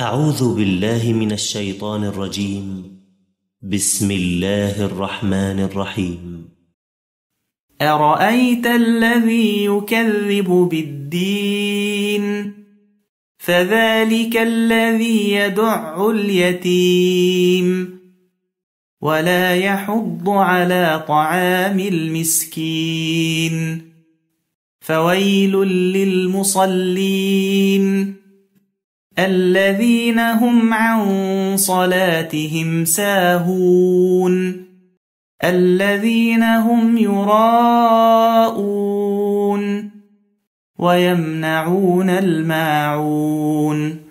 أعوذ بالله من الشيطان الرجيم بسم الله الرحمن الرحيم أرأيت الذي يكذب بالدين فذلك الذي يدع اليتيم ولا يحض على طعام المسكين فويل للمصلين الذين هم عن صلاتهم ساهون الذين هم يراءون ويمنعون الماعون